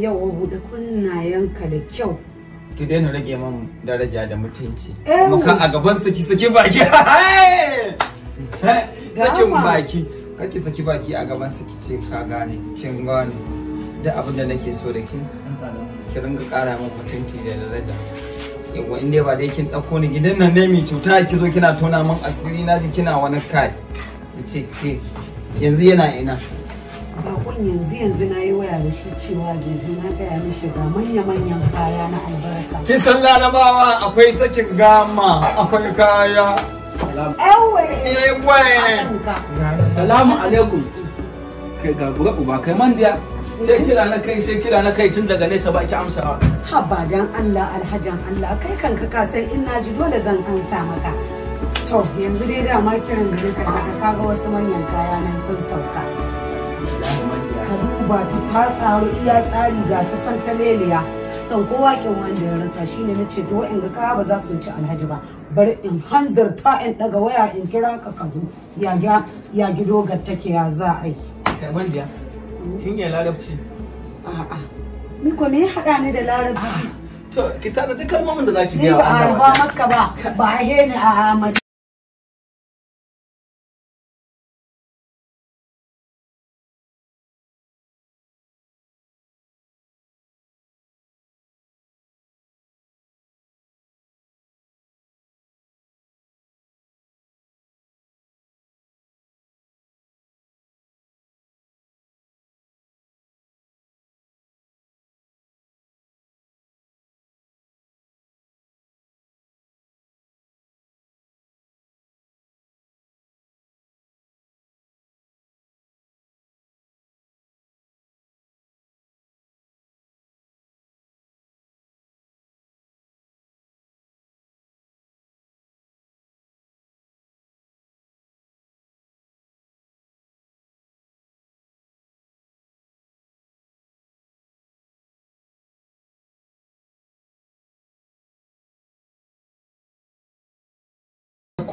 yawa buɗe kunnayenka da kyau ki daina rage man daraja da mutunci eh, kuma a gaban saki saki baki sakin baki kake saki baki a gaban saki ce ka gane kin gane da abin da nake so da ke ki ringa ƙara min mutunci da daraja yawa inda ba dai kin ɗauko ni gidan nan ne mai cuta ki zo kina tona min asiri na ji kina wani kai ki ce ke yanzu yana ina bakon yanzu yanzu na yi waya da shi cewa zai na gaya mishi ga manya-manyan kaya na albarka kisan larabawa akwai sakin gama akwai kaya eh, salamu alaikum kai ga buga uba kai man diya sai kira na kai sai kira na kai tun daga nesa ba ki amsa amsawa haba dan Allah alhajan Allah kai kanka ka san in ji dole zan amsa maka to yanzu dai dama kiran gari ka ka ga wasu manyan kaya nan sun sauka bati ta tsaro iya tsari ga ta san leliya son kowa kin wanda ya rasa shine na ce to in ga kaya ba za su ci alhaji ba bari in ta in daga waya in kira ka ka zo ya ga ya gido ga take ya za a yi kai dia kin ya larabci a ni ko me ya hada ni da larabci ah, to ki tana duk mamun da za ki ga ba ba maka ba ba hene a a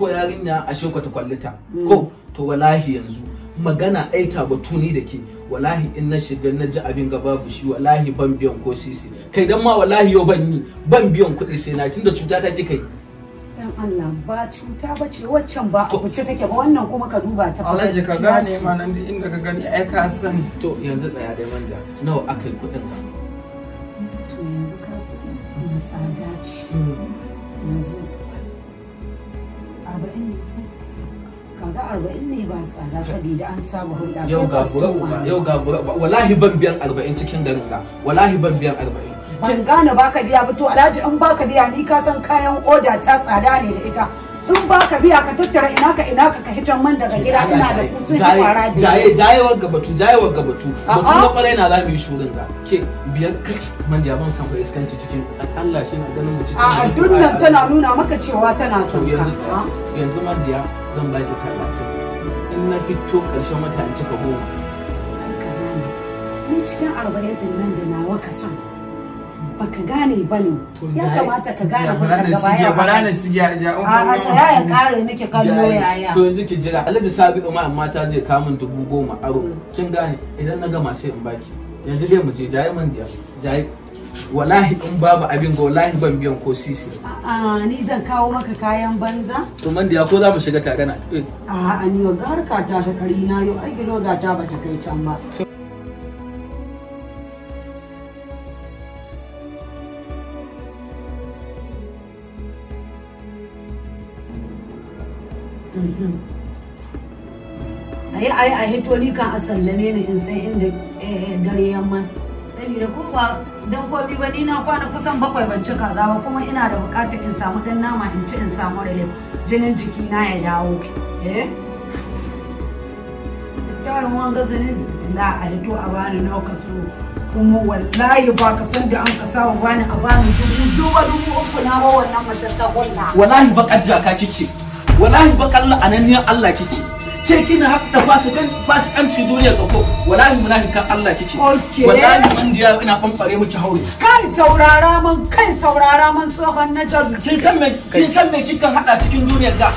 ko yarinya a ku ta kwallita mm. ko to wallahi yanzu magana aita batuni da ke wallahi in na shiga na ji abin ga babu shi wallahi ban biyan ko sisi kai dan ma wallahi yau ban ni ban biyan kuɗi sai na tunda cuta ta ji kai Allah ba cuta ba ce waccan ba a kuce take ba wannan kuma ka duba ta Allah ji ka gane ma nan inda ka gani ai ka san to yanzu tsaya dai manja nawa aka yi kuɗin ka to yanzu ka saki tsada ce hmm. kaga arba'in ne ba tsada an hulɗa yau wallahi ban biyan arba'in cikin garin ga wallahi ban biyan arba'in ban gane baka biya ba to alhaji in baka biya ni ka san kayan oda ta tsada ne da ita in ba ka biya ka tattara ina ka ina ka hitan man daga gida ina da kusur da fara biyu jaye jaye wagga batu jaye wagga batu batu na kwarai na zamu yi shurin ga ke biyar kai man da ban san ko iskanci cikin Allah shi na ganin mu cikin a dunnan tana nuna maka cewa tana son ka yanzu man da zan ba ki talatin in na fito karshen wata an cika goma ni cikin arba'in din nan da nawa ka son baka gane ba ne ya kamata ka gane gudun gaba ya bara na sigiya ja a tsaya ya kare miki kan yaya to yanzu ki jira alhaji sabi umar mata zai kamun dubu goma aro mm. kin gane idan na gama sai in baki yanzu dai mu je jayi man biya jayi wallahi in babu abin ga wallahi ban biyan ko sisi a ni zan kawo maka kayan banza to man da ko za mu shiga tare na eh. a a ni ga harka ta ta kari na yo ai ga ta ba ta kai can ba ayi ayi a hito ni kan a sallame ni in san inda eh, eh, dare yamma saboda ko ba dan komi ba ni na kwana kusan bakwai ban ci kaza ba kuma ina da bukatar in samu dan nama in ci in samu relief jinin jiki na ya dawo eh tarin wanga zunubi la a hito a bani nawa ka kuma wallahi ba ka san da an ka sawa bani a bani dubu dubu uku na wannan mace ta wallahi baka jaka kike wallahi bakan la'ananiyar Allah kike ke kina haka da ba su kan ba su kan duniya ka ko wallahi kan Allah kike wallahi man diya ina fanfare miki hauri kai saurara man kai saurara man tsohon na jabi kin san me kin san me kika hada cikin duniyar ga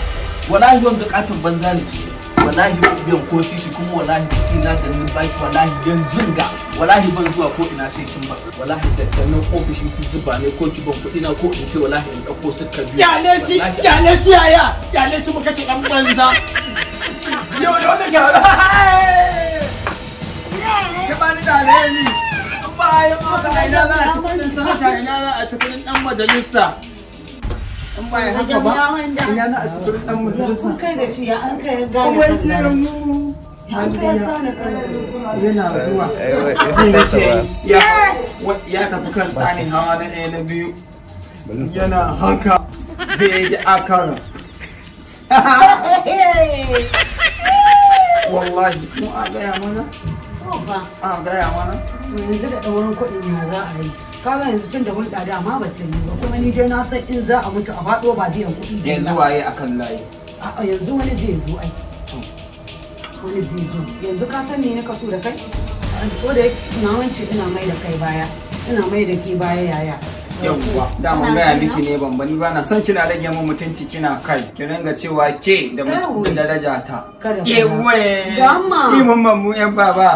wallahi wanda bukatun banza ne wallahi ba biyan ko shi kuma wallahi shi na da baki wallahi dan zunga wallahi ban zuwa ko ina sai kin ba wallahi da nan ofishin ki zuba ne ko ki ban kudi na ko in ce wallahi in dauko suka ya ne shi ne shi ya ne shi muka ce dan banza yau da wannan gyara ke ba ni da ni ba ya aina za a ci kudin sanata ina za a cikin dan majalisa ba dan yana zuwa eh, eh, ya tafi kan tsanin hawa na na biyu yana haka zai ji akara wallahi mu a gaya mana A gaya mana? Yanzu da ɗaurin kuɗin ya za a yi. Kaga yanzu tun da hulɗa dama ba ta yi ba kuma ni dai na san in za a mutu a faɗo ba biyan kuɗi. Yanzu waye a kan layi? A'a yanzu wani zai zo ai. Wani zai zo. Yanzu ka san me na kaso da kai? Ko da na wance ina mai da kai baya. Ina mai da ke baya yaya. yawwa dama gaya miki ne ban bani ba na son kina rage min mutunci kina kai ki ringa cewa ke da mutunci daraja ta yawwa ga mu yan baba